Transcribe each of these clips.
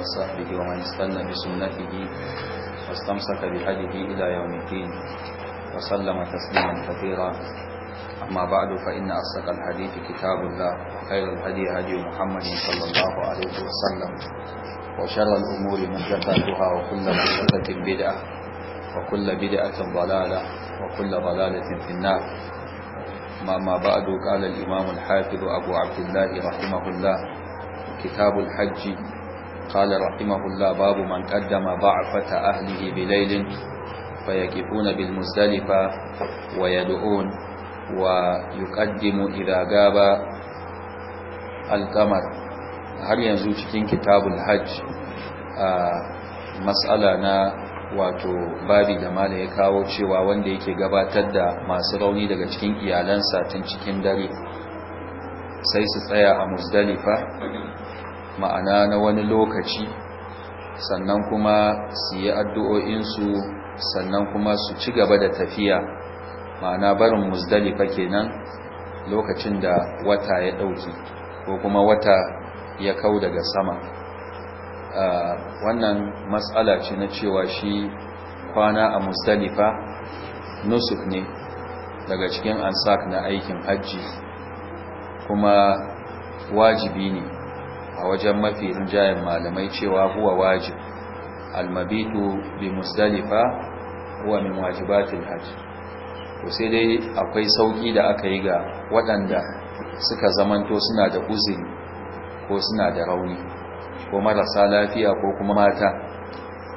وصحبه ومن استنى بسنته واستمسك بهده إلى يوم الدين وسلم تسليما كثيرا أما بعد فإن أصدق الحديث كتاب الله وخير الهدي هدي محمد صلى الله عليه وسلم وشر الأمور محدثاتها وكل محدثة بدعة وكل بدعة ضلالة وكل ضلالة في النار ما بعد قال الإمام الحافظ أبو عبد الله رحمه الله كتاب الحج قال رحمه الله باب من قدم ضعفة أهله بليل فيكفون بالمزدلفة ويدعون ويقدم إذا غاب القمر har yanzu cikin kitabul hajj a matsala na wato babi da mala ya kawo cewa wanda yake gabatar da masu rauni daga cikin iyalansa tun cikin dare sai su tsaya a musdalifa ma'ana na wani lokaci sannan kuma su yi addu'o'insu sannan kuma su ci gaba da tafiya ma'ana barin muzdalifa kenan lokacin da wata ya ɗauki ko kuma wata ya kau daga sama wannan matsala ce na cewa shi kwana a muzdalifa nusuk ne daga cikin ansak na aikin hajji kuma wajibi ne a wajen mafi rinjayen malamai cewa huwa wajib almabitu bi musdalifa huwa min wajibatil hajj to sai dai akwai sauki da aka yi ga waɗanda suka zamanto suna da uzuri ko suna da rauni ko marasa lafiya ko kuma mata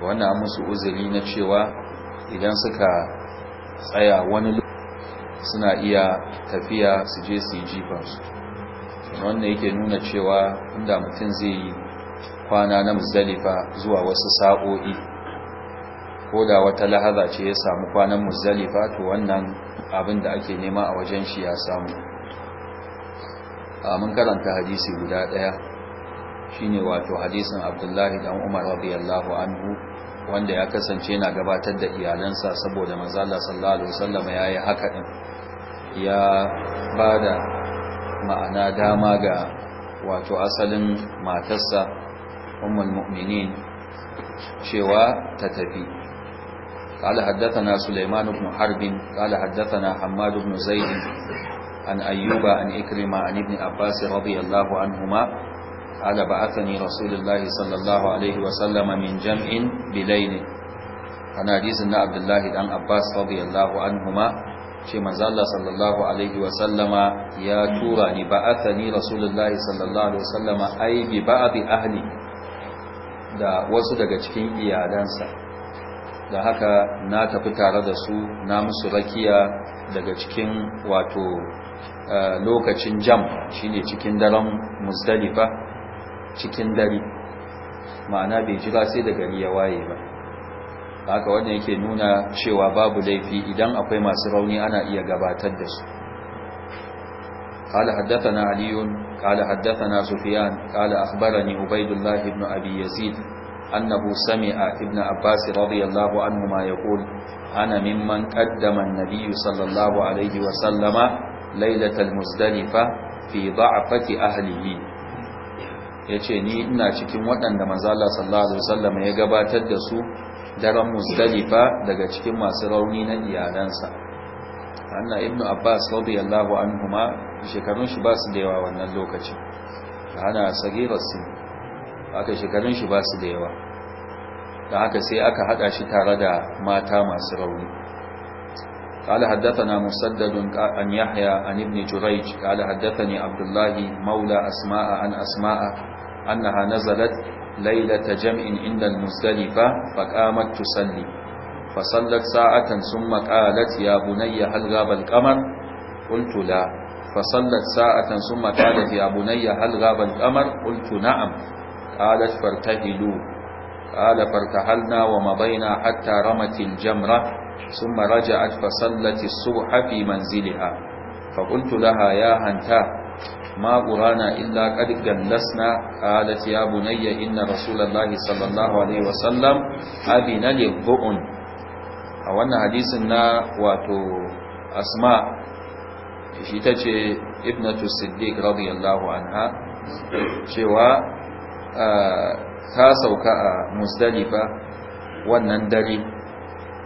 wannan musu uzuri na cewa idan suka tsaya wani suna iya tafiya su je su yi jifansu wannan yake nuna cewa inda mutum zai yi kwana na muzdalifa zuwa wasu sa'o'i ko da wata lahaza ce ya samu kwanan muzdalifa to wannan abin da ake nema a wajen shi ya samu mun karanta hadisi guda ɗaya, shine wato hadisin abdullahi dan umar radiyallahu anhu wanda ya kasance na gabatar da iyalansa saboda mazala Allah sallallahu alaihi wasallam yayi haka din ya bada ma'ana dama ga wato asalin matarsa ummul mu'minin cewa ta tafi قال حدثنا سليمان بن حرب قال حدثنا حماد بن زيد عن أيوب عن إكرم عن ابن عباس رضي الله عنهما قال بعثني رسول الله صلى الله عليه وسلم من جمع بليل عن حديث عبد الله عن عباس رضي الله عنهما ce manzo sallallahu alaihi wa sallama ya tura ni ba'athani rasulullahi sallallahu alaihi wa sallama ai bi ba'di ahli da wasu daga cikin iyalansa da haka na tafi tare da su na musu rakiya daga cikin wato eh, lokacin jam shine cikin daren muzdalifa cikin dare ma'ana bai jira sai da gari ya waye ba haka wanda yake nuna cewa babu laifi idan akwai masu rauni ana iya gabatar da su قال حدثنا علي قال حدثنا سفيان قال أخبرني عبيد الله بن أبي يزيد أنه سمع ابن عباس رضي الله عنهما يقول أنا ممن قدم النبي صلى الله عليه وسلم ليلة المزدلفة في ضعفة أهله ya ce ni ina cikin waɗanda mazala sallallahu alaihi wasallam ya gabatar da su daren musdalifa daga cikin masu rauni na iyalansa anna ibnu abbas radiyallahu anhuma shekarun shi ba su da yawa wannan lokacin ana sagirar sin aka shekarun shi ba su da yawa da haka sai aka hada shi tare da mata masu rauni قال حدثنا مسدد عن يحيى عن ابن جريج قال حدثني عبد الله مولى أسماء عن أسماء أنها نزلت ليلة جمع عند المزدلفة فقامت تصلي فصلت ساعة ثم قالت يا بني هل غاب القمر قلت لا فصلت ساعة ثم قالت يا بني هل غاب القمر قلت نعم قالت فارتهلوا قال فارتحلنا ومضينا حتى رمت الجمرة ثم رجعت فصلت الصبح في منزلها فقلت لها يا هنتاه ما قرانا الا قد جلسنا قالت يا بني ان رسول الله صلى الله عليه وسلم ابي نجب بؤن wannan hadisin na wato asma shi ta ce ibnatu siddiq radiyallahu anha cewa ta sauka a musdalifa wannan dare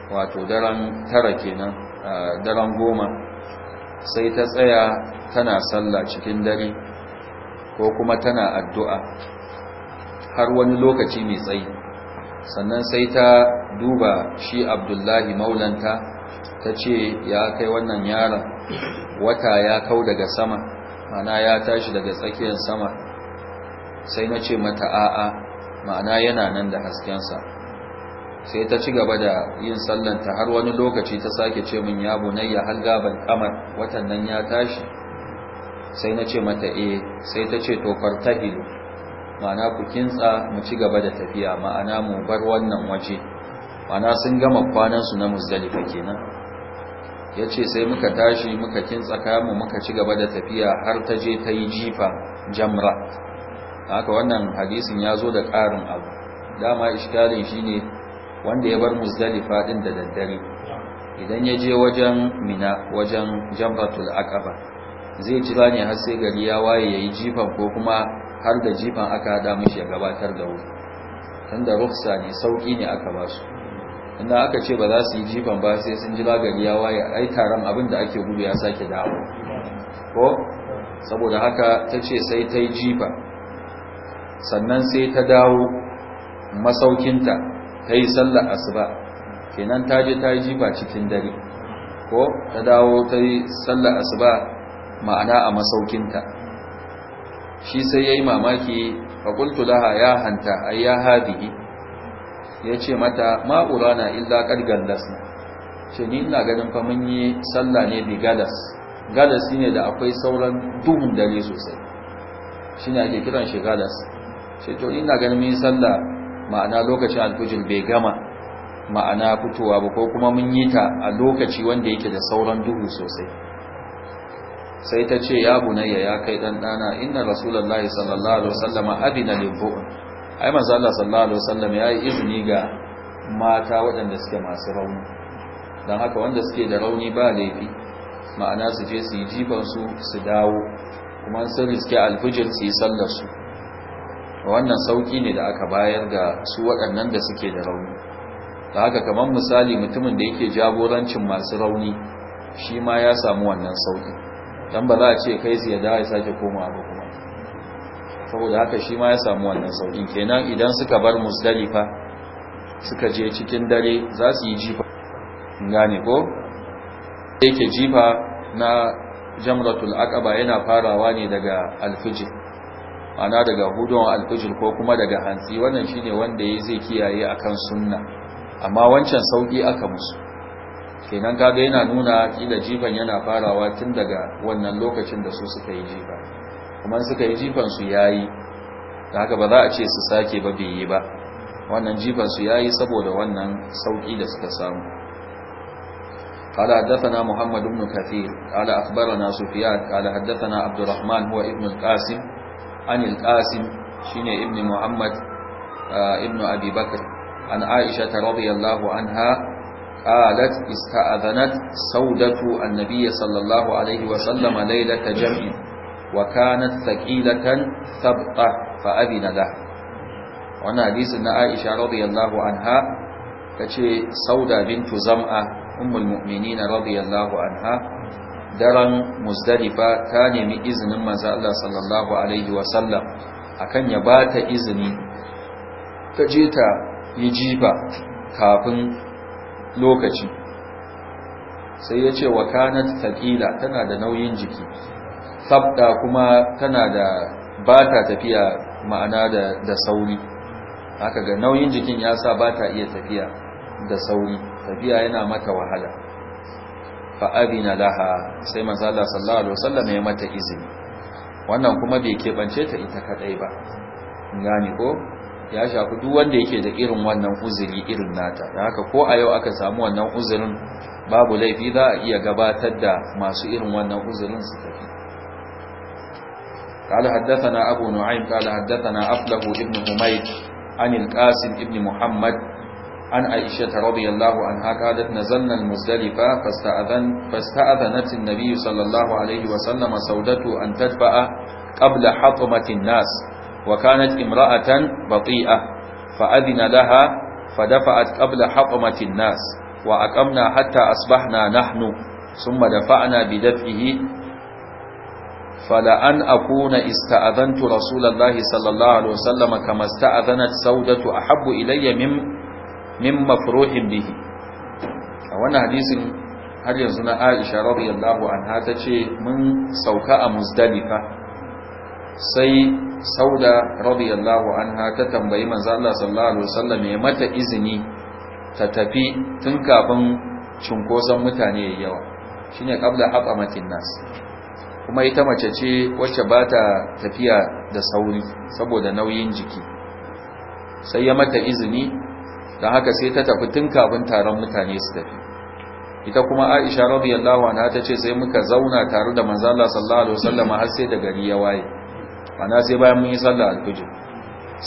wato daren tara kenan daren goma sai ta tsaya tana sallah cikin dare ko kuma tana addu'a har wani lokaci mai tsayi sannan sai ta duba shi abdullahi maulanta ta ce ya kai wannan yaron wata ya kau daga sama mana ya tashi daga tsakiyar sama sai na ce mata a'a ma'ana yana nan da haskensa sai ta ci gaba da yin sallanta har wani lokaci ta sake ce min ya bunayya hal gaban kamar watan nan ya tashi sai na ce mata eh sai ta ce to fartahilu ma'ana ku kintsa mu ci gaba da tafiya ma'ana mu bar wannan waje ma'ana sun gama kwanan su na muzdalifa kenan yace sai muka tashi muka kintsa mu muka ci gaba da tafiya har ta je ta yi jifa jamra haka wannan hadisin ya zo da ƙarin abu dama ishkalin shine wanda ya bar muzdalifa din da daddare idan ya je wajen mina wajen jambatul aqaba zai jira ne har sai gari ya waye yayi jifan ko kuma har da jifan aka hada mishi ya gabatar da wuri tunda ruksa ne sauki ne aka ba su inda aka ce ba za su yi jifan ba sai sun jira gari ya waye ai taron abin da ake gudu ya sake dawo ko saboda haka ta ce sai ta yi jifa sannan sai ta dawo masaukinta ta yi sallar asuba kenan ta je ta yi jifa cikin dare ko ta dawo ta yi sallar asuba ma'ana a masaukinta shi sai ya yi mamaki faƙultu laha ya hanta ai ya haɗi ya ce mata ma'ura na illa ƙargallas na ce ni ina ganin fa yi sallah ne bi galas galas ne da akwai sauran duhun dare sosai shi ne ake kiran shi galas ce to ina ganin yi sallah ma'ana lokacin alfijir bai gama ma'ana fitowa ba ko kuma mun yi ta a lokaci wanda yake da sauran duhu sosai sai ta ce ya bunayya ya kai dan dana inna rasulullahi sallallahu alaihi wasallama adina lil bu'un ai manzo Allah sallallahu alaihi wasallam ya yi izini ga mata waɗanda suke masu rauni dan haka wanda suke da rauni ba laifi ma'ana su je su yi jiban su su dawo kuma sun riske alfijir su yi sallar su wannan sauki ne da aka bayar ga su waɗannan da suke da rauni da haka kamar misali mutumin da yake jagorancin masu rauni shi ma ya samu wannan sauki don ba za a ce kai su yada ya sake koma abu kuma saboda haka shi ma ya samu wannan sauki kenan idan suka bar musdalifa suka je cikin dare za su yi jifa gane ko yake jifa na jamratul aqaba yana farawa ne daga alfijir ana daga hudun alfijir ko kuma daga hantsi wannan shi ne wanda ya zai kiyaye akan sunna amma wancan sauki aka musu kenan kaga yana nuna kila jifan yana farawa tun daga wannan lokacin da su suka yi jifa kuma suka yi jifan su yayi da haka ba za a ce su sake ba bai yi ba wannan jifan su yayi saboda wannan sauki da suka samu قال حدثنا محمد بن كثير قال أخبرنا سفيان قال حدثنا عبد الرحمن هو ابن القاسم anil qasim shine ibnu muhammad ibnu abi bakr an aisha radiyallahu anha قالت استأذنت سودة النبي صلى الله عليه وسلم ليلة جمع وكانت ثقيلة ثبطة فأذن له وانا حديث ان عائشة رضي الله عنها تشي سودة بنت زمعة أم المؤمنين رضي الله عنها daren musdalifa ta nemi izinin manzo Allah sallallahu alaihi wasallam akan ya ba ta izini ta je ta yi jifa kafin lokaci sai ya ce wa kanat taƙila tana da nauyin jiki sabda kuma tana da ba ta tafiya ma'ana da sauri aka ga nauyin jikin ya sa ba ta iya tafiya da sauri tafiya yana mata wahala fa laha sai manzo Allah sallallahu alaihi wasallam ya mata izini wannan kuma bai keɓance ta ita kadai ba gane ko ya shafi duk wanda yake da irin wannan uzuri irin nata da haka ko a yau aka samu wannan uzurin babu laifi za a iya gabatar da masu irin wannan uzurin su tafi قال حدثنا أبو نعيم قال حدثنا أفله ابن حميد عن القاسم ابن محمد عن عائشة رضي الله عنها قالت نزلنا المزدلفة فاستأذن فاستأذنت النبي صلى الله عليه وسلم سودة أن تدفأ قبل حطمة الناس وكانت امرأة بطيئة فأذن لها فدفعت قبل حطمة الناس وأقمنا حتى أصبحنا نحن ثم دفعنا بدفعه فلأن أكون استأذنت رسول الله صلى الله عليه وسلم كما استأذنت سودة أحب إلي من min mafruhin bihi a wannan hadisin har yanzu na Aisha radiyallahu anha ta ce mun sauka a Muzdalifa sai Sauda radiyallahu anha ta tambayi manzo Allah sallallahu alaihi wasallam ya mata izini ta tafi tun kafin cinkoson mutane ya yawa shine qabla haqamatin nas kuma ita mace ce wacce ba ta tafiya da sauri saboda nauyin jiki sai ya mata izini don haka sai ta tafi tun kafin taron mutane su tafi ita kuma aisha radiyallahu anha ta ce sai muka zauna tare da manzo Allah sallallahu alaihi wasallam har sai da gari ya waye ana sai bayan mun yi sallah alfijir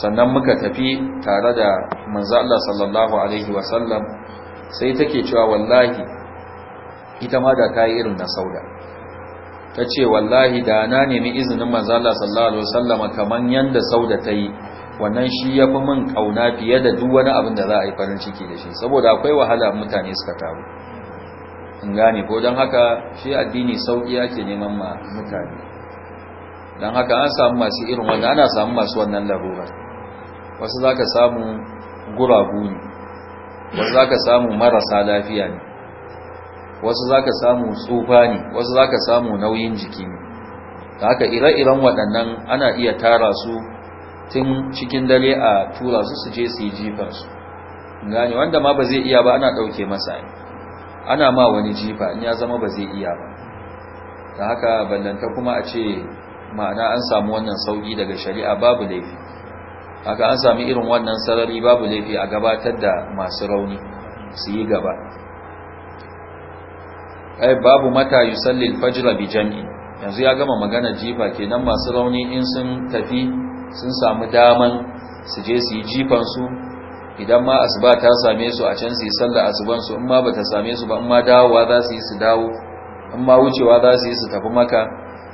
sannan muka tafi tare da manzo Allah sallallahu alaihi wasallam sai take cewa wallahi ita ma da kai irin na sauda tace wallahi da na nemi izinin manzo Allah sallallahu alaihi wasallam kaman yanda sauda ta yi wannan shi ya fi min ƙauna fiye da duk wani abin da za a yi farin ciki da shi saboda akwai wahala mutane suka taru in gane ko don haka shi addini sauƙi ake neman ma mutane don haka an samu masu irin wanda ana samu masu wannan larura wasu za ka samu guragu ne wasu za ka samu marasa lafiya ne wasu za ka samu tsufa ne wasu za ka samu nauyin jiki ne da haka ire-iren waɗannan ana iya tara su tun cikin dare a tura su su je su yi jifarsu gane wanda ma ba zai iya ba ana ɗauke masa ana ma wani jifa in ya zama ba zai iya ba da haka ballanta kuma a ce ma'ana an samu wannan sauƙi daga shari'a babu laifi haka an sami irin wannan sarari babu laifi a gabatar da masu rauni su yi gaba ai babu mata yi sallin fajira bi jam'i yanzu ya gama magana jifa kenan masu rauni in sun tafi sun samu daman su je su yi jifansu idan ma asuba ta same su a can su yi sallar asubansu in ma ba ta same su ba in ma dawowa za su yi su dawo in ma wucewa za su yi su tafi maka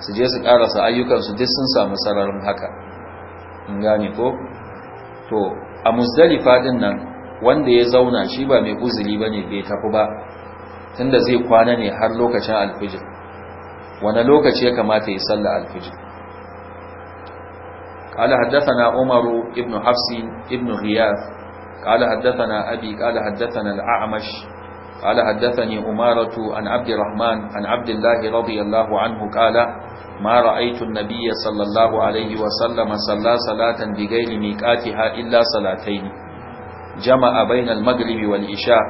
su je su karasa ayyukansu duk sun samu sararin haka in gane ko to a musdalifa fadin nan wanda ya zauna shi ba mai uzuri ba ne bai tafi ba tunda zai kwana ne har lokacin alfijir wani lokaci ya kamata ya sallar alfijir قال حدثنا عمر ابن حفص ابن غياث قال حدثنا أبي قال حدثنا الأعمش قال حدثني أمارة عن عبد الرحمن عن عبد الله رضي الله عنه قال ما رأيت النبي صلى الله عليه وسلم صلى صلاة بغير ميقاتها إلا صلاتين جمع بين المغرب والإشاء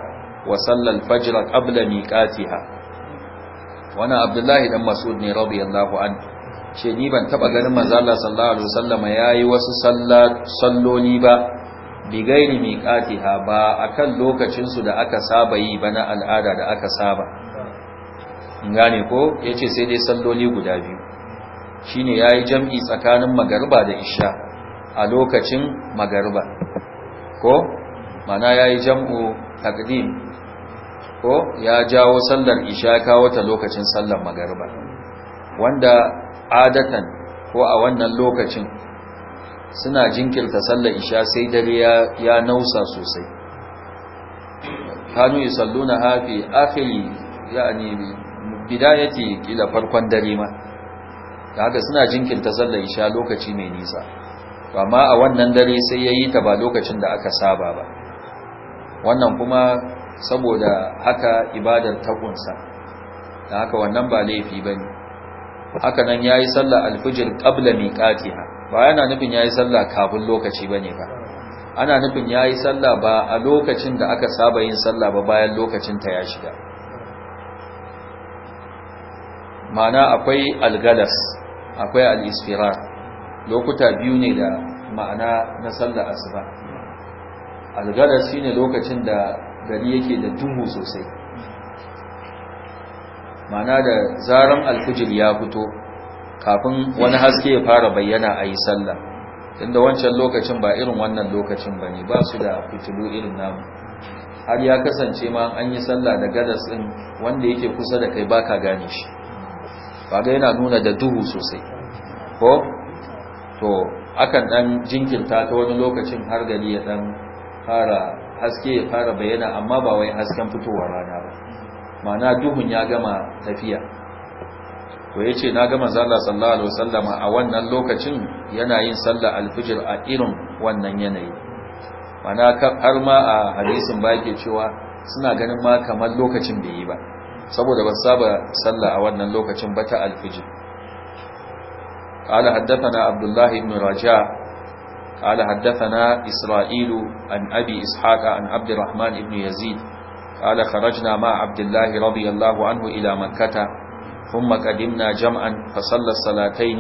وصلى الفجر قبل ميقاتها وانا عبد الله بن مسعود رضي الله عنه ce ni ban taba ganin manzo Allah sallallahu alaihi wasallam yayi wasu salloli ba bigairi miqatiha ba akan lokacin su da aka saba yi bana al'ada da aka saba ngane ko yace sai dai salloli guda biyu shine yayi jam'i tsakanin magariba da isha a lokacin magariba ko mana yayi jam'u taqdim ko ya jawo sallar isha kawo ta lokacin sallar magariba wanda adatan ko a wannan lokacin suna jinkirta sallar isha sai dare ya nausa sosai kanu yusalluna hafi akhiri yani bidayati ila farkon dare ma haka suna jinkirta sallar isha lokaci mai nisa amma a wannan dare sai yayi ta ba lokacin da aka saba ba wannan kuma saboda haka ibadar ta da haka wannan ba laifi bane haka nan ya yayi sallah alfijir qabla miqatiha ba yana nufin ya yi sallah kafin lokaci bane ba ana nufin ya yi sallah ba a lokacin da aka saba yin sallah ba bayan lokacin ta ya shiga ma'ana akwai algalas akwai al lokuta biyu ne da ma'ana na sallah asuba algalas shine lokacin da gari yake da duhu sosai Ma'ana da zaran alfijir ya fito kafin wani haske ya fara bayyana a yi sallah inda wancan lokacin ba irin wannan lokacin ba ne ba su da fitilu irin namu har ya kasance ma an yi sallah da gadas ɗin wanda yake kusa da kai baka gane shi kaga yana nuna da duhu sosai ko to akan ɗan jinkirta ta wani lokacin har gari ya dan fara haske ya fara bayyana amma ba wai hasken fitowa rana ba ma'ana duhun ya gama tafiya to ya ce na gama zalla sallallahu alaihi wasallama a wannan lokacin yana yin alfijir a irin wannan yanayi ma'ana har ma a hadisin ba yake cewa suna ganin ma kamar lokacin bai yi ba saboda ba saba sallah a wannan lokacin ba ta alfijir قال حدثنا عبد الله بن رجاء قال حدثنا إسرائيل عن أبي إسحاق عن عبد الرحمن بن يزيد قال خرجنا مع عبد الله رضي الله عنه إلى مكة ثم قدمنا جمعا فصلى الصلاتين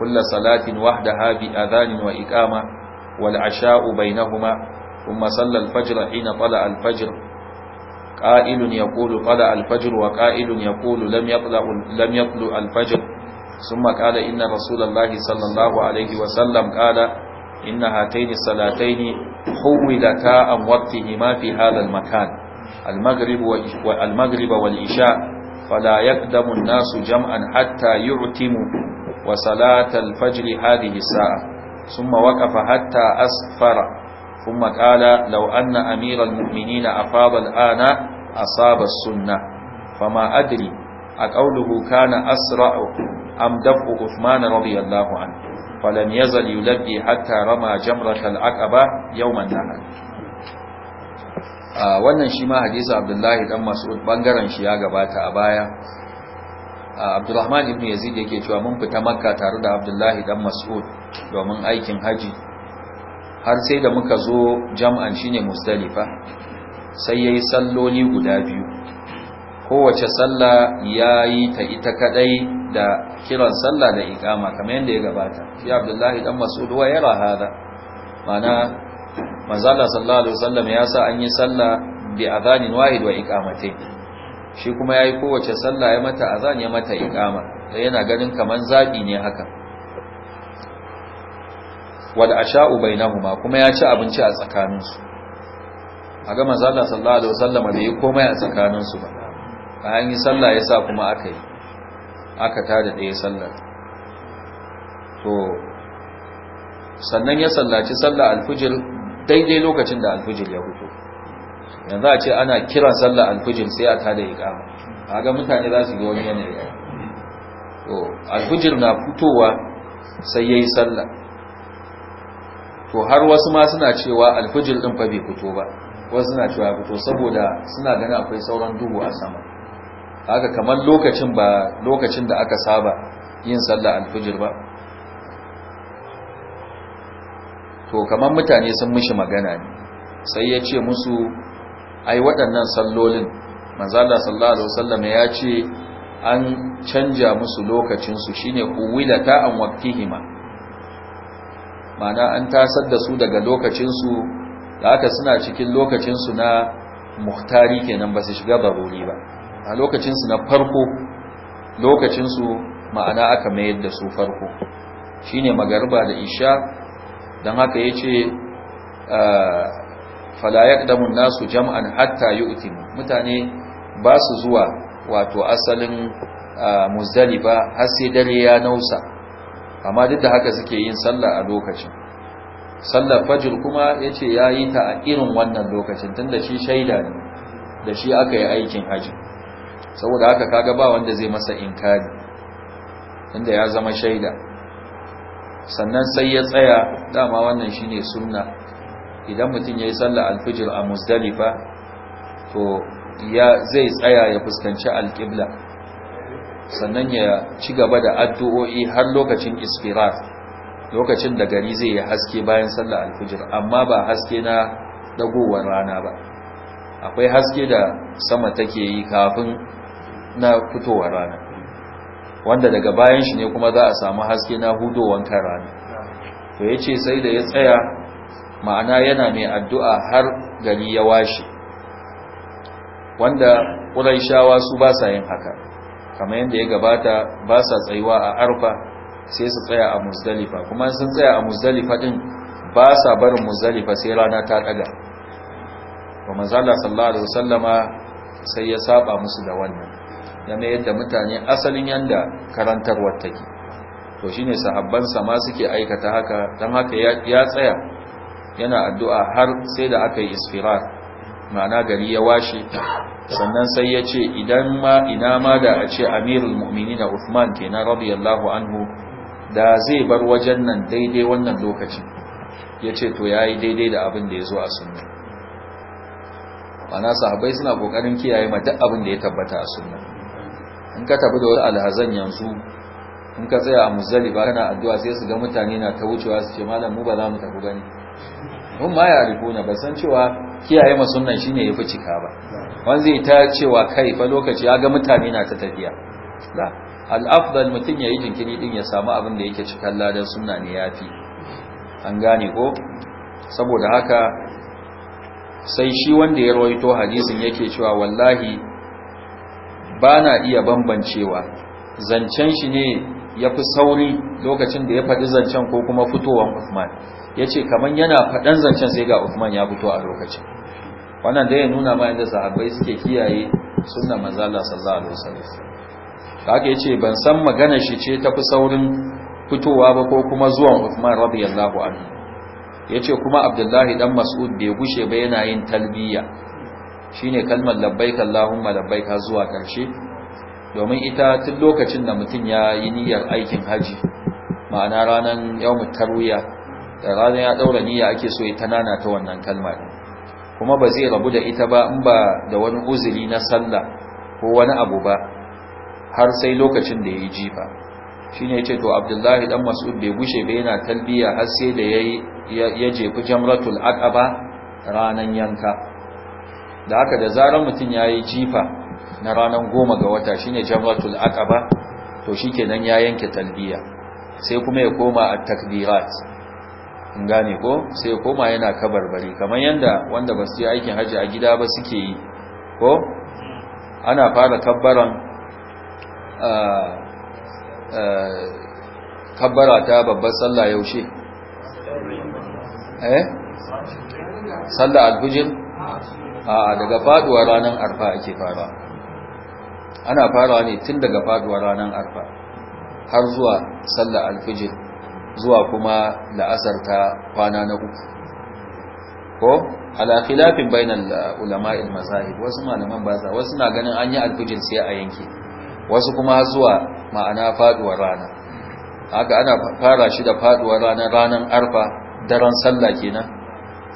كل صلاة وحدها بأذان وإقامة والعشاء بينهما ثم صلى الفجر حين طلع الفجر قائل يقول طلع الفجر وقائل يقول لم يطلع, لم يطلع الفجر ثم قال إن رسول الله صلى الله عليه وسلم قال إن هاتين الصلاتين حولتا عن وقتهما في هذا المكان المغرب والمغرب والعشاء فلا يقدم الناس جمعا حتى يعتموا وصلاة الفجر هذه الساعة ثم وقف حتى أسفر ثم قال لو أن أمير المؤمنين أفاض الآن أصاب السنة فما أدري أقوله كان أسرع أم دفع عثمان رضي الله عنه فلم يزل يلبي حتى رمى جمرة العقبة يوم النهر wannan shi ma hadisi abdullahi dan mas'ud bangaren shi ya gabata a baya abdurrahman ibn yazid yake cewa mun fita makka tare da abdullahi dan mas'ud domin aikin haji har sai da muka zo jam'an shine musdalifa sai yayi salloli guda biyu kowace sallah yayi ta ita kadai da kiran sallah da iqama kamar yadda ya gabata shi abdullahi dan mas'ud wa yara hada mana manzala sallallahu alaihi wasallam ya sa an yi sallah bi adhanin wahid wa iqamatain shi kuma yayi kowace sallah ya mata azan ya mata iqama sai yana ganin kaman zabi ne haka wal asha'u bainahuma kuma ya ci abinci a tsakaninsu aga manzala sallallahu alaihi wasallam bai yi komai a tsakaninsu ba bayan yi sallah ya sa kuma aka yi aka tada ɗaya sallar to sannan ya sallaci sallar alfijir daidai lokacin da alfijir ya fito yanzu a ce ana kiran sallar alfijir sai a tada iqama kaga mutane za su yi wani yanayi to alfijir na fitowa sai yayi sallah to har wasu ma suna cewa alfijir din fa bai fito ba wasu suna cewa ya fito saboda suna ganin akwai sauran duhu a sama haka kamar lokacin ba lokacin da aka saba yin sallah alfijir ba to kamar mutane sun mishi magana ne sai ya ce musu ai waɗannan sallolin manzala sallallahu alaihi wasallam ya ce an canja musu lokacinsu shine ta an waqtihima ma'ana an tasar da su daga lokacinsu da haka suna cikin lokacinsu na muhtari kenan ba su shiga baburi ba a lokacinsu na farko lokacinsu ma'ana aka mayar da su farko shine magariba da isha don haka ya ce ah, falayak damun nasu jam'an hatta yi mutane ba su zuwa wato asalin ba ah, har sai dare ya nausa amma duk da haka suke yin sallah a lokacin sallar fajir kuma ya ce ya yi ta a irin wannan lokacin tun da shi shaida ne da shi aka yi aikin hajji saboda haka kaga ba wanda zai masa inkari inda ya zama shaida sannan sai ya tsaya dama wannan shine sunna idan mutum yayi sallar alfijir a musdalifa to ya zai tsaya ya fuskanci alƙibla. sannan ya ci gaba da addu'o'i har lokacin isfirar lokacin da gari zai yi haske bayan sallar alfijir amma ba haske na dagowar rana ba akwai haske da sama take yi kafin na fitowar rana wanda daga bayan shi ne kuma za a samu haske na hudu wankan rana to ya ce sai da ya tsaya ma'ana yana mai addu'a har gari ya washe wanda shawa su ba sa yin haka kamar yadda ya gabata ba sa tsayuwa a arfa sai su tsaya a musdalifa kuma sun tsaya a musdalifa ɗin ba sa barin musdalifa sai rana ta ɗaga ba manzala sallallahu alaihi wasallama sai ya saba musu da wannan game yadda mutane asalin yanda karantarwar take to shine sahabban sa ma suke aikata haka dan haka ya tsaya yana addu'a har sai da aka yi isfirar ma'ana gari ya washe sannan sai ya ce idan ma ina ma da a ce amirul na Uthman kenan radiyallahu anhu da zai bar wajen nan daidai wannan lokacin ya ce to ya yi daidai da abin da ya zo a sunna mana sahabbai suna kokarin kiyaye ma duk abin da ya tabbata a sunna in ka tafi da wani alhazan yanzu in ka tsaya a muzali ba kana addu'a sai su ga mutane na ta wucewa su ce malam mu ba za mu tafi gani mun ma ya na ba san cewa kiyaye ma sunnan shine yafi cika ba wanda zai ta cewa kai fa lokaci ya ga mutane na ta tafiya la al-afdal mutun yayi jinkiri din ya samu abin da yake cikin ladan sunna ne yafi an gane ko saboda haka sai shi wanda ya rawaito hadisin yake cewa wallahi ba na iya bambancewa zancen shi ne ya fi sauri lokacin da ya faɗi zancen ko kuma fitowar Uthman ya ce kamar yana faɗan zancen sai ga Uthman ya fito a lokacin wannan da ya nuna ma yadda sahabbai suke kiyaye sunna mazala sallallahu alaihi wasallam da haka yace ban san magana shi ce ta fi saurin fitowa ba ko kuma zuwan Uthman radiyallahu anhu yace kuma Abdullahi dan Mas'ud bai gushe ba yana yin talbiya shine kalmar labbaika allahumma labbaika zuwa ƙarshe. domin ita tun lokacin da mutum ya yi niyyar aikin haji ma'ana ranar yawmut tarwiya da ranar ya daura niyya ake so ya tanana ta wannan kalmar. kuma ba zai rabu da ita ba in ba da wani uzuri na sallah ko wani abu ba har sai lokacin da ya yi jifa ne ce to abdullahi dan mas'ud bai gushe ba yana talbiya har sai da ya jefi jamratul aqaba ranan yanka da haka da zarar mutum ya yi jifa na ranar goma ga wata shine jamratul aqaba to shi nan ya yanke talbiya sai kuma ya koma a takbirat in gane ko sai ya koma yana kabarbari kamar yadda wanda ba su yi aikin hajji a gida ba suke yi ko ana fara kabbaran kabbara ta babbar sallah yaushe eh sallah alfijir a daga faduwar ranar arfa ake fara ana fara ne tun daga faduwar ranar arfa har zuwa sallar alfijir zuwa kuma la'asar ta kwana na uku ko ala khilafin bainal ulama il mazahib wasu malaman ba wasu na ganin an yi alfijir sai a yanke wasu kuma zuwa ma'ana faduwar rana haka ana fara shi da faduwar rana ranar arfa daren sallah kenan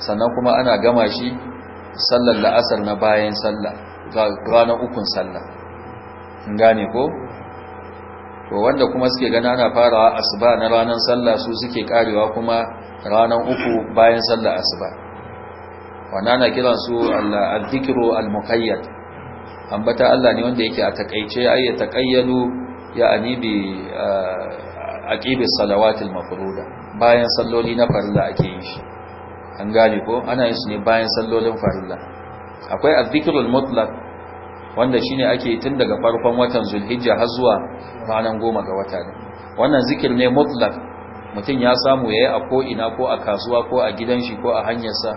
sannan kuma ana gama shi sallar la'asar na bayan sallah ranar ukun sallah gane ko to wanda kuma suke gana ana farawa asuba na ranar salla su suke karewa kuma ranar uku bayan salla asuba wanda ana kiran su al-dhikru al-muqayyad ambata Allah ne wanda yake a takaice ay taqayyalu ya anibi ah, aqibi salawatil mafruda bayan salloli na farla ake yi shi an gane ko ana yin su ne bayan sallolin farilla akwai azzikirul mutlaq wanda shine ake tun daga farkon watan zulhijja har zuwa ranar goma ga wata ne wannan zikir ne mutlaq mutum ya samu yayi a ko ina ko a kasuwa ko a gidan shi ko a hanyar sa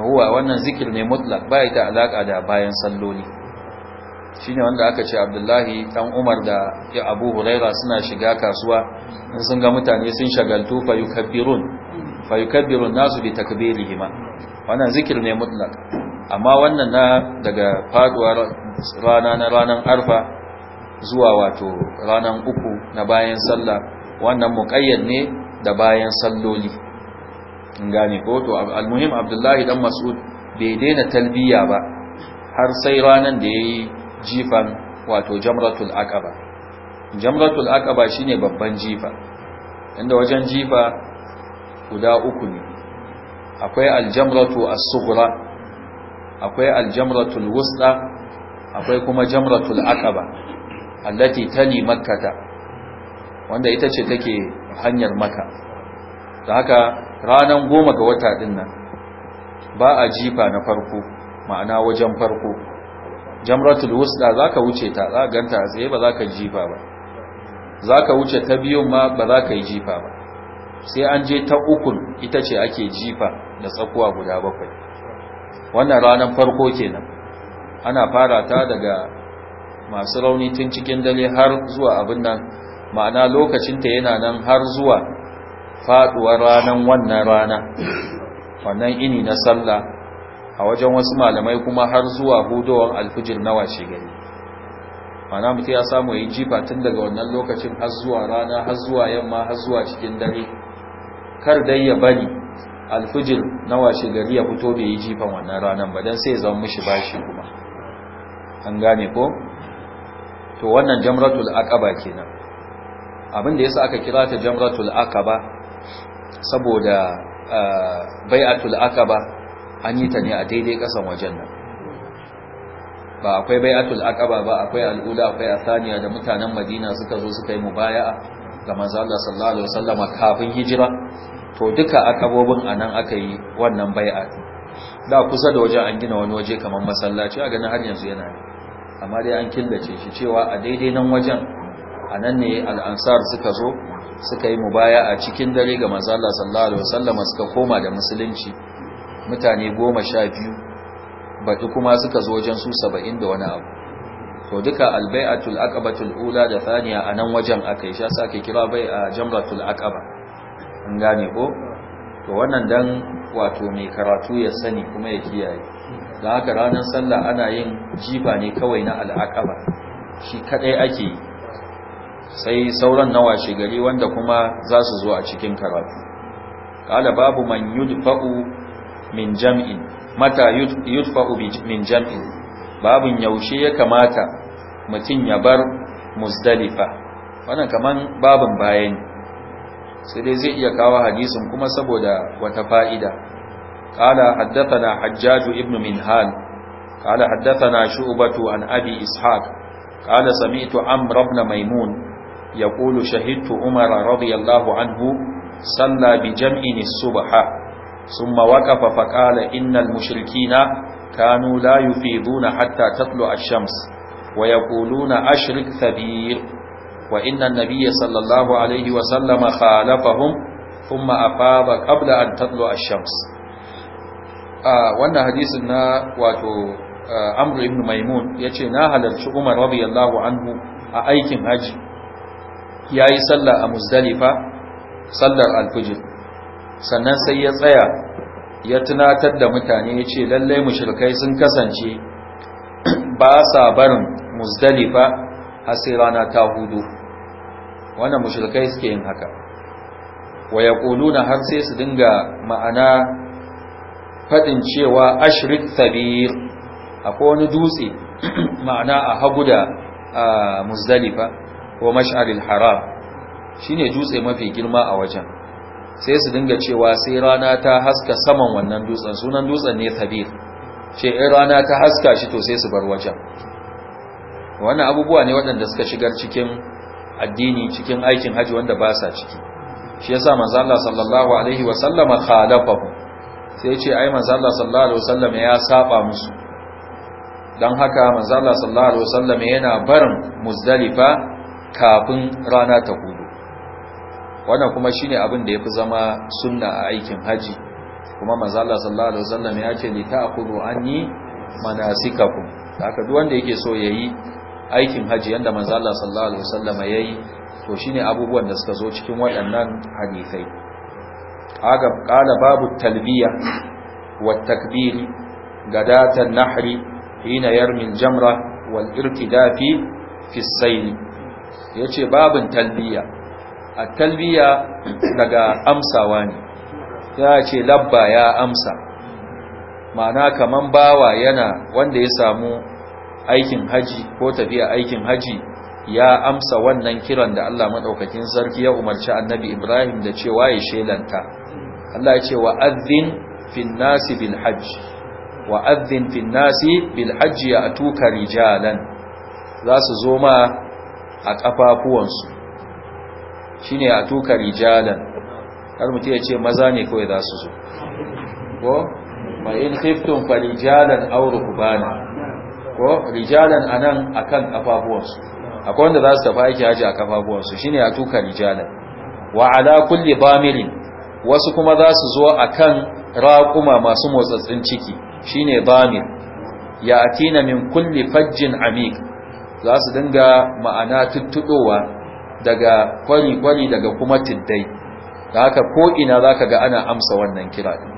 huwa wannan zikir ne mutlaq bai da alaka da bayan salloli shine wanda aka ce Abdullahi dan Umar da Abu Huraira suna shiga kasuwa sun ga mutane sun shagaltu fa yukabbirun fa nasu bi takbirihima wannan zikir ne mutlak amma wannan na daga faduwar rana na ranan arfa zuwa wato ranan uku na bayan sallah wannan muqayyad ne da bayan salloli gane ko to almuhim abdullahi dan mas'ud bai daina talbiya ba har sai ranan da yayi jifan wato jamratul aqaba jamratul aqaba shine babban jifa inda wajen jifa guda uku ne akwai aljamratu as-sughra akwai aljamratu al-wusta akwai kuma jamratu al-aqaba allati tali makkata wanda ita ce take hanyar maka. da haka ranan goma ga wata din nan ba a jifa na farko ma'ana wajen farko jamratul wusta zaka wuce ta za ganta a tsaye ba zaka jifa ba zaka wuce ta biyun ma ba zaka yi jifa ba sai an je ta ukun ita ce ake jifa da tsakuwa guda bakwai wannan ranar farko kenan ana fara ta daga masu rauni tun cikin dare har zuwa abin nan ma'ana lokacinta yana nan har zuwa faduwar ranar wannan rana wannan ini na sallah a wajen wasu malamai kuma har zuwa hudowar alfijir na wace gari Ma'ana mutu ya samu yi jifa tun daga wannan lokacin har zuwa rana har zuwa yamma har zuwa cikin dare kar dai ya bari alfijir na washe gari ya fito bai yi jifan wannan ranar ba don sai ya zama mishi bashi kuma an gane ko to wannan jamratul aqaba kenan abin da yasa aka kira ta jamratul aqaba saboda bai'atul aqaba an yi ta ne a daidai kasan wajen nan ba akwai bai'atul aqaba ba akwai al'ula akwai athaniya da mutanen madina suka zo suka yi mubaya'a ga manzo Allah sallallahu alaihi wasallama kafin hijira to duka akabobin anan aka yi wannan bai'a da kusa da wajen an gina wani waje kamar masallaci a ganin har yanzu yana ne amma dai an killace shi cewa a daidai nan wajen anan ne al'ansar suka zo suka yi mubaya a cikin dare ga manzo Allah sallallahu alaihi wasallama suka koma da musulunci mutane goma sha biyu baɗi kuma suka zo wajen su saba'in da wani abu ko duka albai'atul aqabatul ula da thaniya anan wajen akai shi yasa ake kira bai'a jamratul aqaba an gane ko to wannan dan wato mai karatu ya sani kuma ya kiyaye dan haka ranar sallah ana yin jifa ne kawai na al'aqaba shi kadai ake sai sauran nawa shigari wanda kuma za su zo a cikin karatu Kala babu man yudfa'u min jam'in mata yudfa'u min jam'in babin yaushe ya kamata mutum ya bar muzdalifa wannan kaman babin bayan. sai dai zai iya kawo hadisin kuma saboda wata fa'ida qala haddathana hajjaju ibn minhal qala haddathana shu'batu an abi ishaq qala sami'tu amr ibn maimun ƙulu shahidtu umar radiyallahu anhu salla bi jam'in as-subha ثم وقف فقال إن المشركين kanu la na hatta tatlu ash-shams wa yaquluna ashrik thabir wa inna an sallallahu alayhi wa sallama khalafahum thumma afada qabla an tatlu ash-shams wannan hadisin na wato amr ibn maimun yace na halarci umar radiyallahu anhu a aikin haji yayi sallah a muzdalifa sallar al-fajr sannan sai ya tsaya ya tunatar da mutane ya ce lallai mushrikai sun kasance ba sa barin muzdalifa har sai rana ta hudu wannan mushrikai suke yin haka wa na har sai su dinga ma'ana fadin cewa ashirin sabir a wani dutse ma'ana a hagu da muzdalifa ko mash'aril haram shine dutse mafi girma a wajen sai su dinga cewa sai rana ta haska saman wannan dutsen sunan dutsen ne tabir ce in rana ta haska shi to sai su bar wajen wannan abubuwa ne waɗanda suka shigar cikin addini cikin aikin haji wanda ba sa ciki shi yasa manzo Allah sallallahu alaihi wa sallama khalafahu sai ce ai manzo Allah sallallahu alaihi wa sallama ya saba musu dan haka manzo Allah sallallahu alaihi wa sallama yana barin muzdalifa kafin rana ta hudu wannan kuma shine abin da yafi zama sunna a aikin haji kuma manzo Allah sallallahu alaihi wasallam ya ce li ta'khudhu anni manasikakum haka duk wanda yake so yayi aikin haji yanda manzo sallallahu alaihi wasallam yayi to shine abubuwan da suka zo cikin waɗannan hadisai aga qala babu talbiya wa takbir gadatan nahri hina yarmi al wal irtidafi fi sayl yace babin talbiya a talbiya daga amsawa ne ya ce labba ya amsa ma'ana kaman bawa yana wanda ya samu aikin haji ko tafiya aikin haji ya amsa wannan kiran da Allah madaukakin sarki ya umarci annabi Ibrahim da cewa ya shelanta Allah ya ce wa azzin fil nasi bil hajj wa azzin fil nasi bil hajj ya atuka rijalan za su zo ma a ƙafafuwansu. Shi ne a tuka rijalan har mutu ya ce maza ne kawai za su zo ko ma in khiftum fa rijalan aw rukbana ko rijalan a akan kafafuwansu akwai wanda za su tafi aiki haji a kafafuwansu ne a tuka rijalan wa ala kulli bamirin wasu kuma za su zo a kan raƙuma masu motsatsin ciki ne bamir ya tina min kulli fajjin amik za su dinga ma'ana tuttuɗowa daga kwari-kwari daga kuma tiddai da haka ko'ina za ka ga ana amsa wannan kira ɗin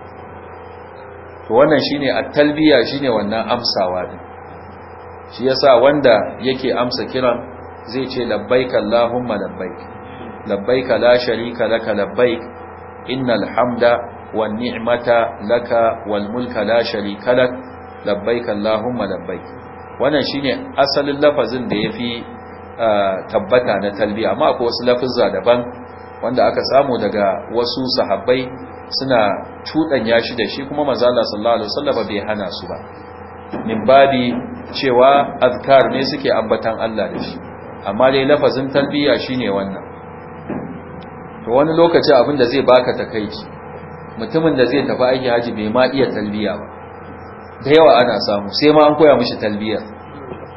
to wannan shine a talbiya shine wannan amsawa ɗin shi ya sa wanda yake amsa kiran zai ce labbai Allahumma labbaik labbaik la sharika laka labbaik innal hamda wal ni'mata laka wal mulka la sharika lak labbaik wannan shine asalin lafazin da ya fi. tabbata na talbiya amma akwai wasu lafizza daban wanda aka samu daga wasu sahabbai suna ya shi da shi kuma mazala sallallahu alaihi wasallam bai hana su ba min babi cewa azkar ne suke ambatan Allah da shi amma dai lafazin talbiya shine wannan to wani lokaci abin da zai baka takeici mutumin da zai tafi aiki haji bai ma iya talbiya ba da yawa ana samu sai ma an koya mishi talbiya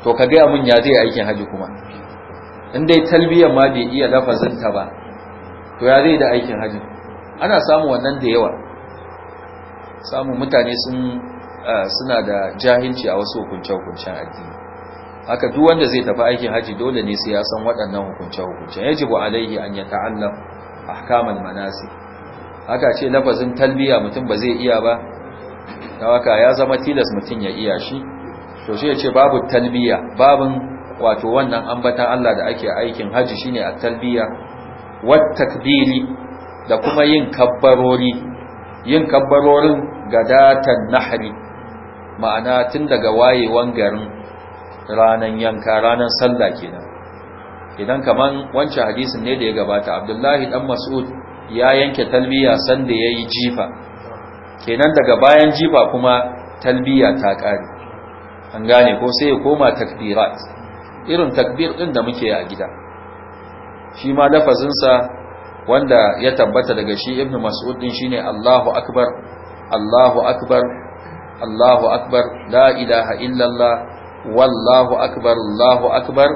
to ka ga mun ya zai aikin haji kuma in dai talbiyar ma bai iya lafazinta ba to ya zai da aikin haji, ana samu wannan da yawa samun mutane sun ah, suna da jahilci a wasu hukunce-hukuncen addini haka duk wanda zai tafi aikin haji dole ne sai ya san waɗannan hukunce-hukunce yajibu alaihi an a ahkamal manasi haka ce lafazin talbiya mutum ba zai iya ba ta waka ya zama tilas mutum ya iya shi to sai ya ce babu talbiya babin wato wannan ambatan Allah da ake aikin haji shine at-talbiya wat takbiri da kuma yin kabbarori yin kabbarorin gadatan nahri ma'ana tun daga wayewan garin ranan yanka ranan sallah kenan idan kaman wancan hadisin ne da ya gabata Abdullahi dan Mas'ud ya yanke talbiya san da yayi jifa kenan daga bayan jifa kuma talbiya ta kare an gane ko sai ya koma takbirat irin takbir din da muke a gida shi ma lafazinsa wanda ya tabbata daga shi Ibn mas'ud din shine Allahu akbar Allahu akbar Allahu akbar la ilaha illallah wallahu akbar Allahu akbar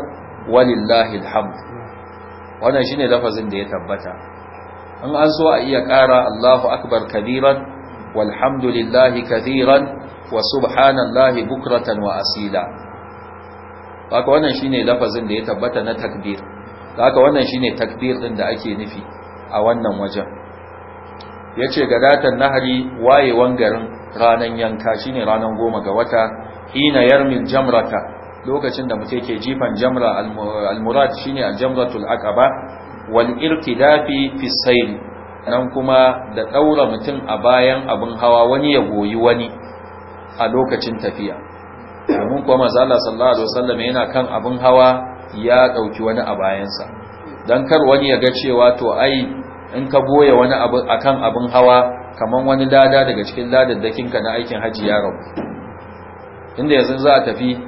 walillahil hamd wannan shine lafazin da ya tabbata In an so a iya ƙara Allahu akbar kabiran walhamdulillahi kathiran wa subhanallahi bukratan wa asila haka wannan shine lafazin da ya tabbata na takbir haka wannan shine takbir din da ake nufi a wannan wajen yace gadatan nahari wayewan garin ranan yanka shine ranan goma ga wata hina yarmil jamrata lokacin da mutum ke jifan jamra almurad shine aljamratul aqaba wal irtidafi fi sayl nan kuma da daura mutum a bayan abin hawa wani ya goyi wani a lokacin tafiya domin kuma manzo Allah sallallahu alaihi wasallam yana kan abin hawa ya dauki wani a bayansa dan kar wani ya ga cewa to ai in ka goya wani abu akan abin hawa kaman wani lada daga cikin ladaddakin ka na aikin haji ya rabu inda yanzu za a tafi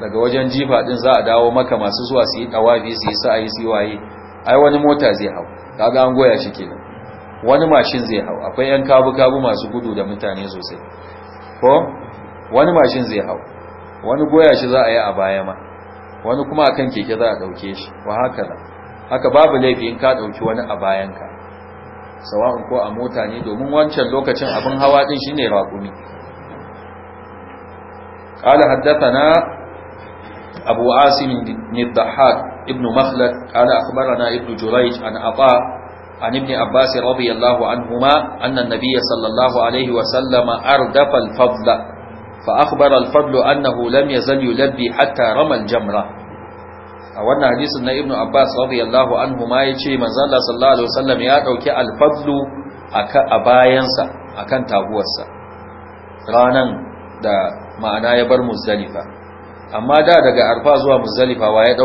daga wajen jifa din za a dawo maka masu zuwa su yi tawafi su yi sa'ayi su yi waye ai wani mota zai hau kaga an goya shi kenan wani mashin zai hau akwai yan kabu kabu masu gudu da mutane sosai ko wani mashin zai hau wani goya shi za a yi a baya ma wani kuma akan keke za a dauke shi wa haka da haka babu laifi in ka dauki wani a bayanka sawa'un ko a mota ne domin wancan lokacin abin hawa din shine raƙumi qala haddathana abu asim bin dhahhak ibn makhlad qala akhbarana ibn jurayj an ata عن Abbas عباس رضي الله عنهما أن Sallallahu صلى wa sallama, وسلم al الفضل fa al-fadl annahu lam yazal Labbi, hatta Ramal, al-jamra a wannan hadisin na ibnu abbas radiyallahu anhu ma yace manzon Allah sallallahu alaihi wasallam ya dauki al-fadl a bayansa akan taguwarsa ranan da ma'ana ya bar muzdalifa amma da daga arfa zuwa wa ya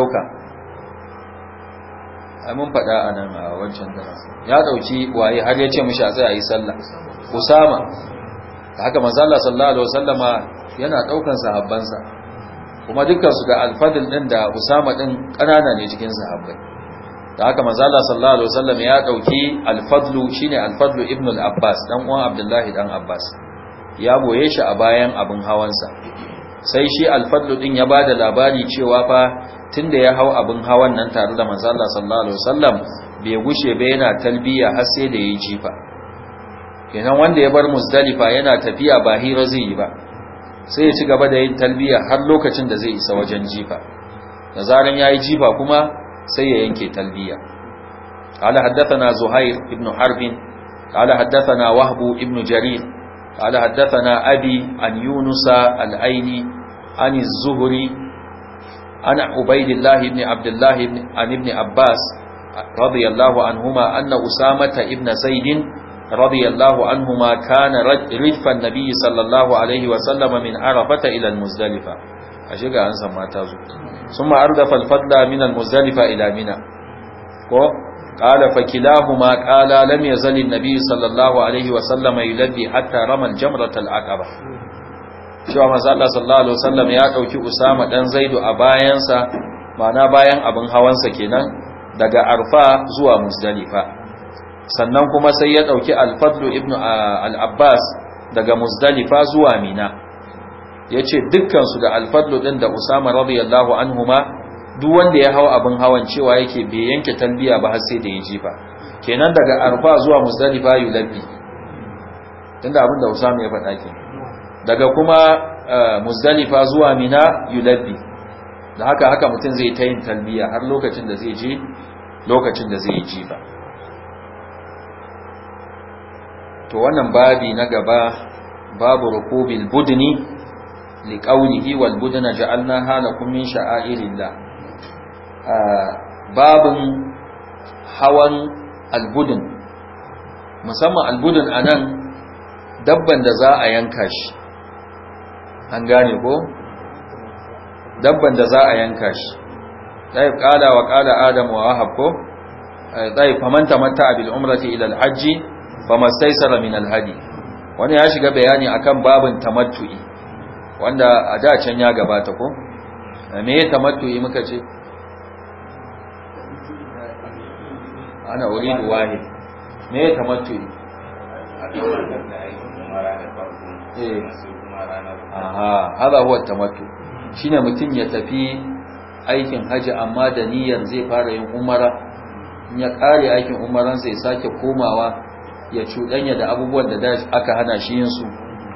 mun faɗa a a wancan darasi ya dauki waye har ya ce mishi a tsaya yi sallah usama haka manzo Allah sallallahu alaihi wasallama yana daukan sahabbansa kuma dukkan su da alfadil din da Usama din kanana ne cikin sahabbai da haka manzo Allah sallallahu alaihi wasallama ya dauki alfadlu shine al-fadl ibn al-Abbas dan uwan Abdullahi dan Abbas ya goye shi a bayan abin hawansa sai shi alfadlu din ya bada labari cewa fa tunda ya hau abin hawan nan tare da manzo Allah sallallahu alaihi wasallam bai gushe ba yana talbiya har sai da yayi jifa kenan wanda ya bar muzdalifa yana tafiya ba hira zai yi ba sai ya ci gaba da yin talbiya har lokacin da zai isa wajen jifa da zaran ya yi jifa kuma sai ya yanke talbiya ala haddathana zuhair ibn harbin ala haddathana wahbu ibn jarir ala haddathana abi an yunusa al-aini an zuhri ana ubaydillah ibn abdullah an ibn abbas radiyallahu anhuma anna usama ibn zaidin radiyallahu anhuma kana ridfan nabiyyi sallallahu alaihi wa sallama min arafata ila muzdalifa ashe ga an san mata zo summa ardafa al-fadla min mina ko قال فكلاهما قال لم يزل النبي صلى الله عليه وسلم يلبي حتى رمى الجمرة العقبة cewa manzo Allah sallallahu alaihi wasallam ya dauki Usama ɗan Zaidu a bayansa mana bayan abin hawansa kenan daga Arfa zuwa Muzdalifa sannan kuma sai ya ɗauki alfadlu ibn al-Abbas daga muzdalifa zuwa mina yace ce dukkansu da alfadlu ɗin da usama radiyallahu anhuma duk wanda ya hau abin hawan cewa yake bai yanke talbiya ba har sai da ya jifa kenan daga arfa zuwa muzdalifa yulabbi tunda abin da usama ya faɗa ke daga kuma eh, muzdalifa zuwa mina yulabbi da haka haka mutum zai ta yin talbiya har lokacin da zai je lokacin da zai jifa to wannan babi na gaba babu rukubil budni li qawlihi wal budna ja'alnaha lakum min sha'airillah babun hawan albudin musamman albudun anan dabban da za a yanka shi an gane ko dabban da za a yanka shi dai qala wa qala adam wa ahab ko dai faman tamatta umrati ila al hajji famastaisara min alhadi wani ya shiga bayani akan babin tamattu'i wanda a da can ya gabata ko eh, me ya tamattu'i muka ce ana uridu wahid me ya tamattu'i eh. aha hada huwa tamattu shine mutum ya tafi aikin haji amma da niyyar zai fara yin umara in ya kare aikin umaran sai sake komawa ya cuɗanya da abubuwan da aka hana shi yin su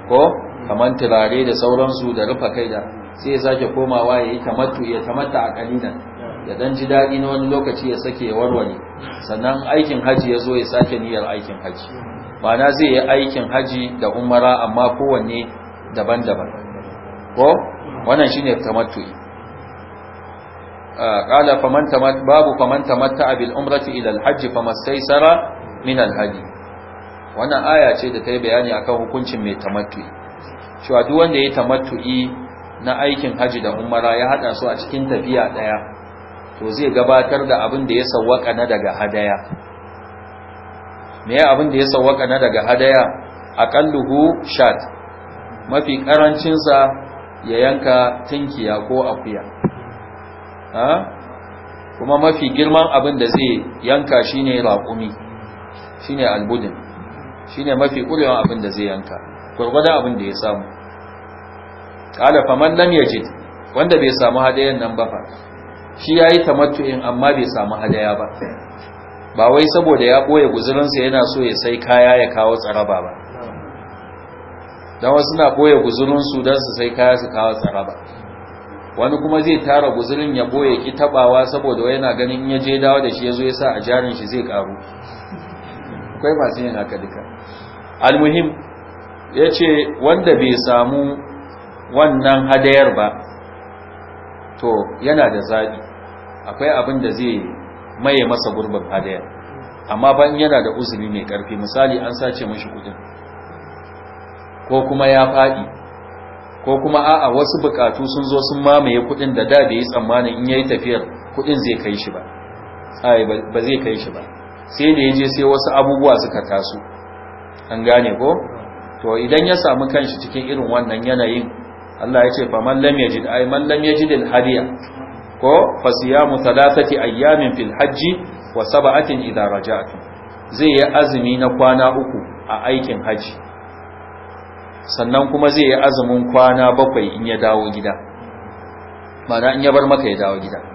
ko kamar turare da sauransu da rufa kai da sai ya sake komawa ya yi tamattu ya tamatta a kalilan ya dan ji daɗi na wani lokaci ya sake ya warware sannan aikin haji ya zo ya sake niyyar aikin haji ma'ana zai yi aikin haji da umara amma kowanne daban-daban ko wannan shi tamattu قال فمن تمت باب فمن تمتع بالعمرة haji الحج فما استيسر من الهدي wannan aya ce da ta yi bayani akan hukuncin mai tamattu cewa duk wanda ya tamattu'i na aikin haji da umara ya hada su a cikin tafiya daya to zai gabatar da abin da ya sawwaka na daga hadaya me ya abin da ya sawwaka na daga hadaya aqalluhu shat mafi karancin sa ya yanka tinkiya ko akuya ha kuma mafi girman abin da zai yanka shine raqumi shine albudin shine mafi kurewan abin da zai yanka gurgurdan abin da ya samu qala faman lam yajid wanda bai samu hadayan nan ba fa shi yayi tamattu'in amma bai samu hadaya ba ba wai saboda ya boye guzurinsa yana so ya sai kaya ya kawo tsaraba ba don wasu na boye guzurinsu don su sai kaya su kawo tsaraba wani kuma zai tara guzurin ya ɓoye ki tabawa saboda yana ganin ya je dawo da shi ya zo ya sa a jarin shi zai ƙaru? akwai masu yin haka duka almuhim ya ce wanda bai samu wannan hadayar ba to yana da zaɓi akwai abin da zai maye masa gurbin hadayar amma ban yana da uzuri mai ƙarfi misali an sace mashi kudin ko kuma ya faɗi ko kuma a'a wasu bukatu sun zo sun mamaye kudin da da bai yi tsammanin in ya yi tafiyar kudin zai kai shi ba ba zai kai shi ba sai da ya je sai wasu abubuwa suka taso an gane ko to idan ya samu kanshi cikin irin wannan yanayin Allah ya ce fa man lam yajid ay man lam yajid al hadiya ko fa siyamu thalathati ayyamin fil hajj wa sab'atin idha raja'tu zai yi azumi na kwana uku a aikin haji sannan kuma zai yi azumin kwana bakwai in ya dawo gida ma'ana in ya bar maka ya dawo gida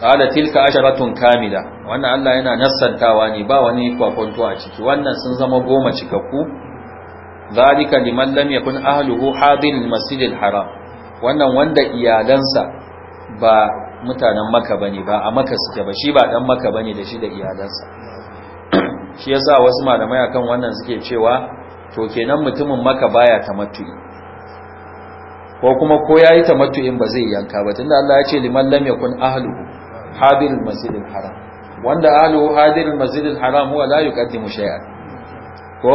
qala tilka asharatun kamila wannan Allah yana nassantawa ne ba wani kwakwanto a ciki wannan sun zama goma cikakku zalika liman lam yakun ahluhu hadin almasjid haram. wannan wanda iyalansa ba mutanen maka bane ba a maka suke ba shi ba dan maka bane da shi da iyalansa shi yasa wasu malamai akan wannan suke cewa to kenan mutumin maka baya tamattu'i ko kuma ko yayi tamattu'in ba zai yanka ba tunda Allah ya ce liman lam yakun ahluhu hadirul masjidil haram wanda ahlu hadirul masjidil haram huwa la yuqaddimu shay'an ko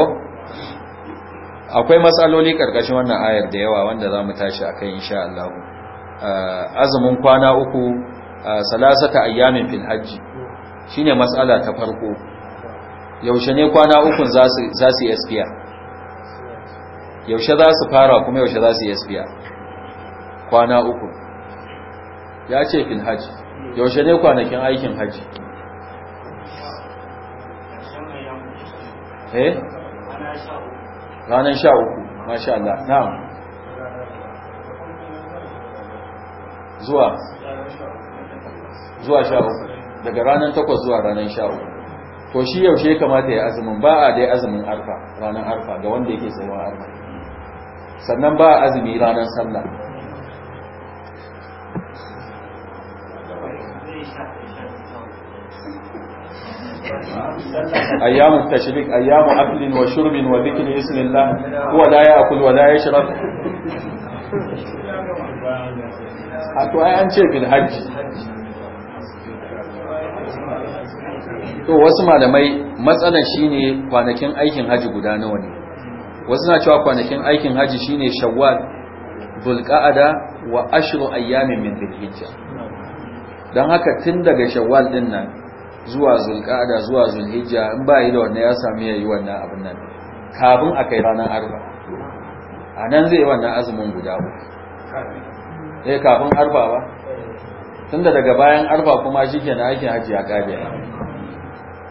akwai matsaloli karkashin wannan ayar da yawa wanda za mu tashi akai insha Allah ah, azumin kwana uku ah, salasata ayyamin fil hajji shine matsala ta farko yaushe ne kwana uku za su za su yaspiya yaushe za su fara kuma yaushe za su yaspiya kwana uku ya ce fil hajji yaushe ne kwanakin aikin hajji eh ranar sha uku masha Allah na'am zuwa zuwa sha uku daga ranar takwas zuwa ranar sha uku to shi yaushe kamata ya azumin ba a dai azumin arfa ranar arfa ga wanda yake tsawon arfa sannan ba a azumi ranar sallah أيام التشريك أيام أكل وشرب وذكر اسم الله هو لا يأكل ولا يشرب أتو أن في الحج to wasu malamai matsalar shine kwanakin aikin haji guda nawa ne wasu na cewa kwanakin aikin haji shine shawwal dhulqa'ada wa ashru ayyamin min dhilhijja dan haka tun daga shawwal din nan zuwa zulƙada zuwa zulhijja in ba yi da wannan ya sami yayi wannan abin nan kafin a kai ranar arba a nan zai yi wannan azumin guda uku eh kafin arba ba tunda daga bayan arba kuma na aikin haji a kare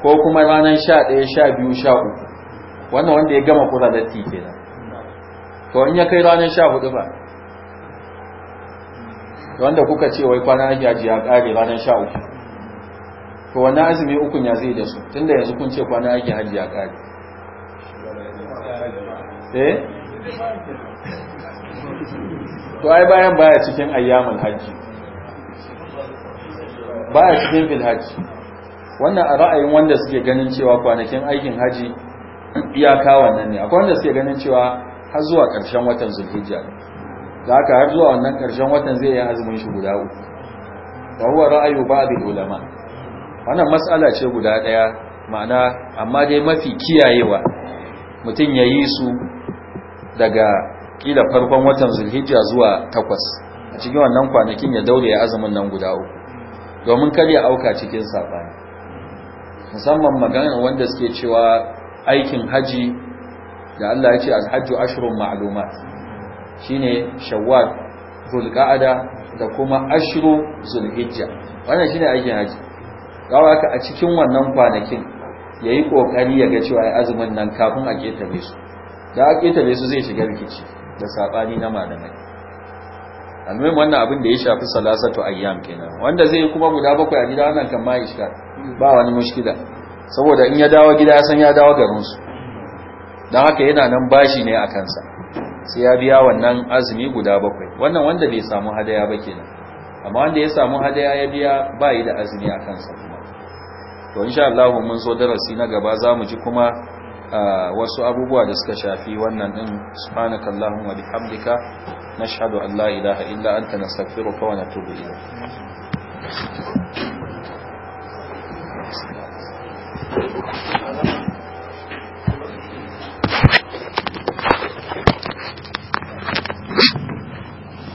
ko kuma ranar 11 12 13 wannan wanda ya gama kura da ti kenan to in ya kai ranar 14 ba wanda kuka ce wai kwana haji ya kare ranar uku. ko wani azumi ukun ya zai da su tunda yanzu kun ce kwana yake hajji a ƙari. eh to ai bayan baya cikin ayyamin hajji baya cikin fil hajji wannan a ra'ayin wanda suke ganin cewa kwanakin aikin haji iyaka wannan ne akwai wanda suke ganin cewa har zuwa ƙarshen watan zulhijja da aka har zuwa wannan ƙarshen watan zai yi azumin shi guda uku wa huwa ra'ayu ba'd ulama wannan matsala ce guda daya ma'ana amma dai mafi kiyayewa mutum ya yi su daga kila farkon watan zulhijja zuwa takwas a cikin wannan kwanakin ya daure ya azumin nan guda uku domin kar ya auka cikin saɓani musamman maganar wanda suke cewa aikin haji da Allah ya ce alhajju ashrun ma'lumat shine shawwal zulqa'ada da kuma ashru zulhijja wannan shine aikin haji gawa ka a cikin wannan kwanakin ya yi ƙoƙari ya ga cewa ya azumin nan kafin a ƙetare su da a ƙetare su zai shiga rikici da saɓani na malamai almin wannan abin da ya shafi salasatu ayyam kenan wanda zai yi kuma guda bakwai a gida wannan kan ma iska ba wani mushkila saboda in ya dawo gida ya san ya dawo garin su dan haka yana nan bashi ne a kansa sai ya biya wannan azumi guda bakwai wannan wanda bai samu hadaya ba kenan amma wanda ya samu hadaya ya biya ba yi da azumi a kansa kuma to insha Allah mun zo darasi na gaba zamu ji kuma wasu abubuwa da suka shafi wannan din subhanakallahumma bihamdika nashhadu an la ilaha illa anta nastaghfiruka wa natubu ilayk